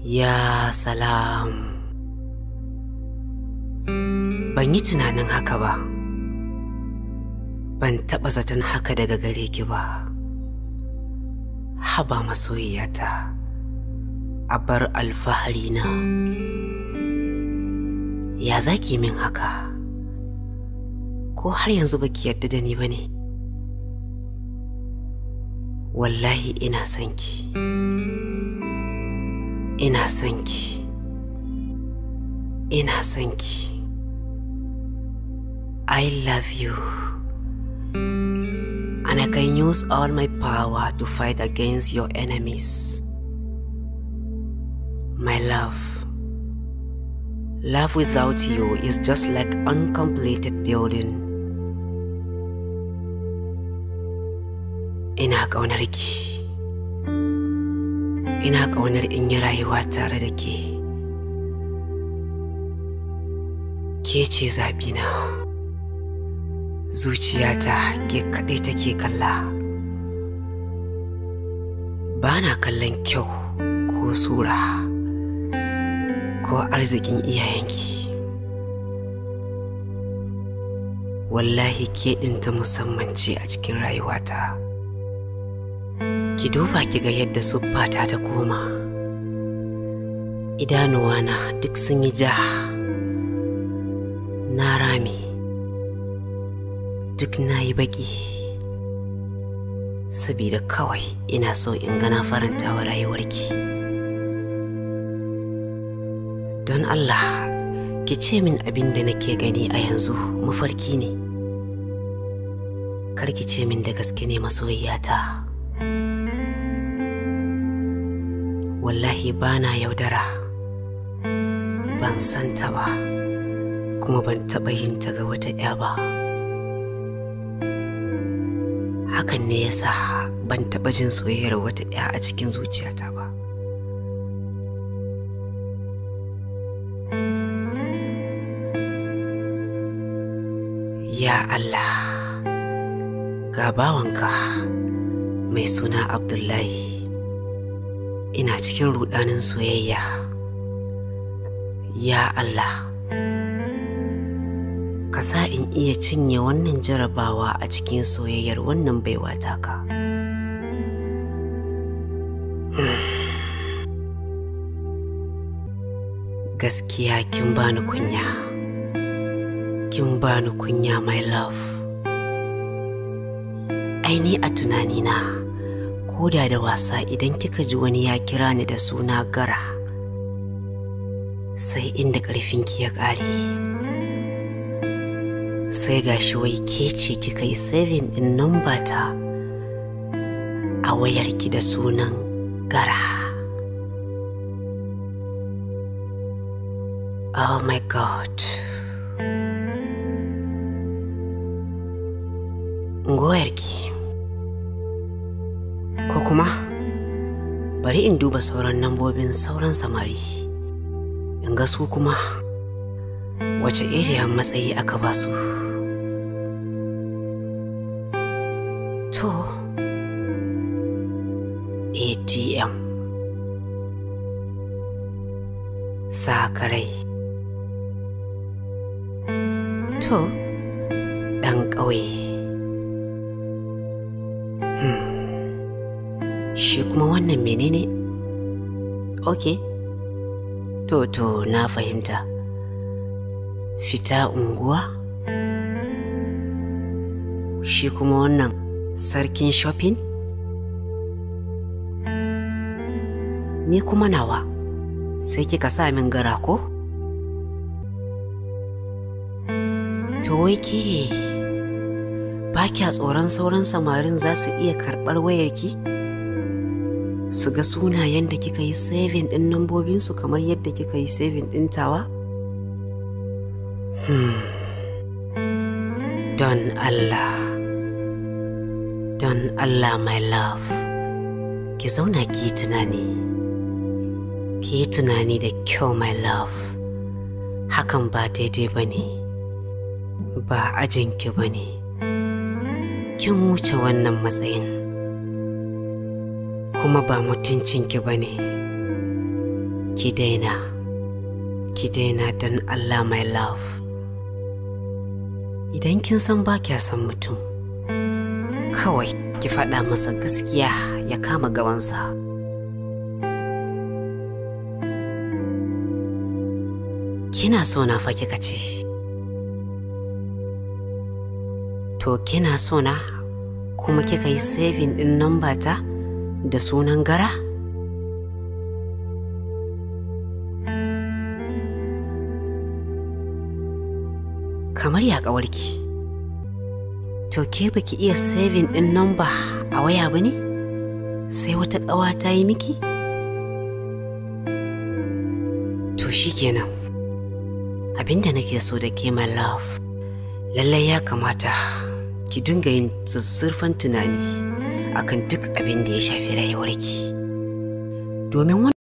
Ya salam. Ban yi tunanin haka ba. Ban taɓa zaton haka daga gare ki ba. Haba masoyiyata, a bar alfahari na. Ya za ki min haka? Ko har yanzu ba ki yarda da ni ba ne? Wallahi ina son ki. Inasenki. Inasenki. I love you. And I can use all my power to fight against your enemies. My love. Love without you is just like uncompleted building. Inagonariki. ina ƙaunar in yi rayuwa tare da ke ke ce zaɓina zuciyata ke kaɗai take kalla ba na kallon kyau ko sura ko arzikin iyayenki wallahi ke ɗinta musamman ce a cikin rayuwata ki duba ki ga yadda siffata ta koma Idanuwa na duk sun yi ja na rame duk na yi baƙi sabida kawai ina so in gana farantawa rayuwarki don allah ki ce min abin da nake gani a yanzu mafarki ne kar ki ce min da gaske ne masoyiyata wallahi bana yaudara ban santa ba kuma ban taɓa yin ta ga wata ɗaya ba hakan ne yasa ban taɓa jin soyayyar wata ɗaya a cikin zuciyata ba ya Allah ga bawanka mai suna Abdullahi ina cikin rudanin soyayya ya Allah ka sa in iya cinye wannan jarabawa a cikin soyayyar wannan baiwa taka gaskiya kin bani kunya kin bani kunya my love Ai ni a tunanina koda da wasa idan kika ji wani ya kira ni da suna gara sai inda ƙarfinki ya ƙare sai gashi wai ke ce kika yi saving ɗin number ta a wayarki da sunan gara oh my god goyarki kuma bari in duba sauran nambobin sauran samari in ga su kuma wace iriya matsayi aka ba su to atm sakarai to ɗan ƙauye shi kuma wannan menene ok to to na fahimta fita unguwa shi kuma wannan sarkin shopping ni kuma nawa sai kika sa min gara ko to wai ke ba kya tsoron sauran samarin za su iya karɓar wayarki? su ga sunayen da kika yi saving ɗin nambobinsu kamar yadda kika yi saving ɗin tawa? Hmm. Don Allah, don Allah my love, ki zauna ki tunani, ki tunani da kyau my love, hakan ba daidai ba ne, ba ajinki ba ne, kin wuce wannan matsayin. kuma ba mutuncinki ba ne ki daina ki daina dan allah my love idan kin san ba kya san mutum kawai ki faɗa masa gaskiya ya kama sa kina so na fa kika ce to kina so na kuma kika yi saving ɗin number ta da sunan gara? Kamar ya ƙawarki. To ke baki iya saving ɗin namba a waya ba ne? Sai wata ƙawa ta yi miki? To shi kenan. Abinda nake so da ke my love. Lallai ya kamata ki dinga yin zuzzurfan tunani. akan duk abin da ya shafi rayuwarki domin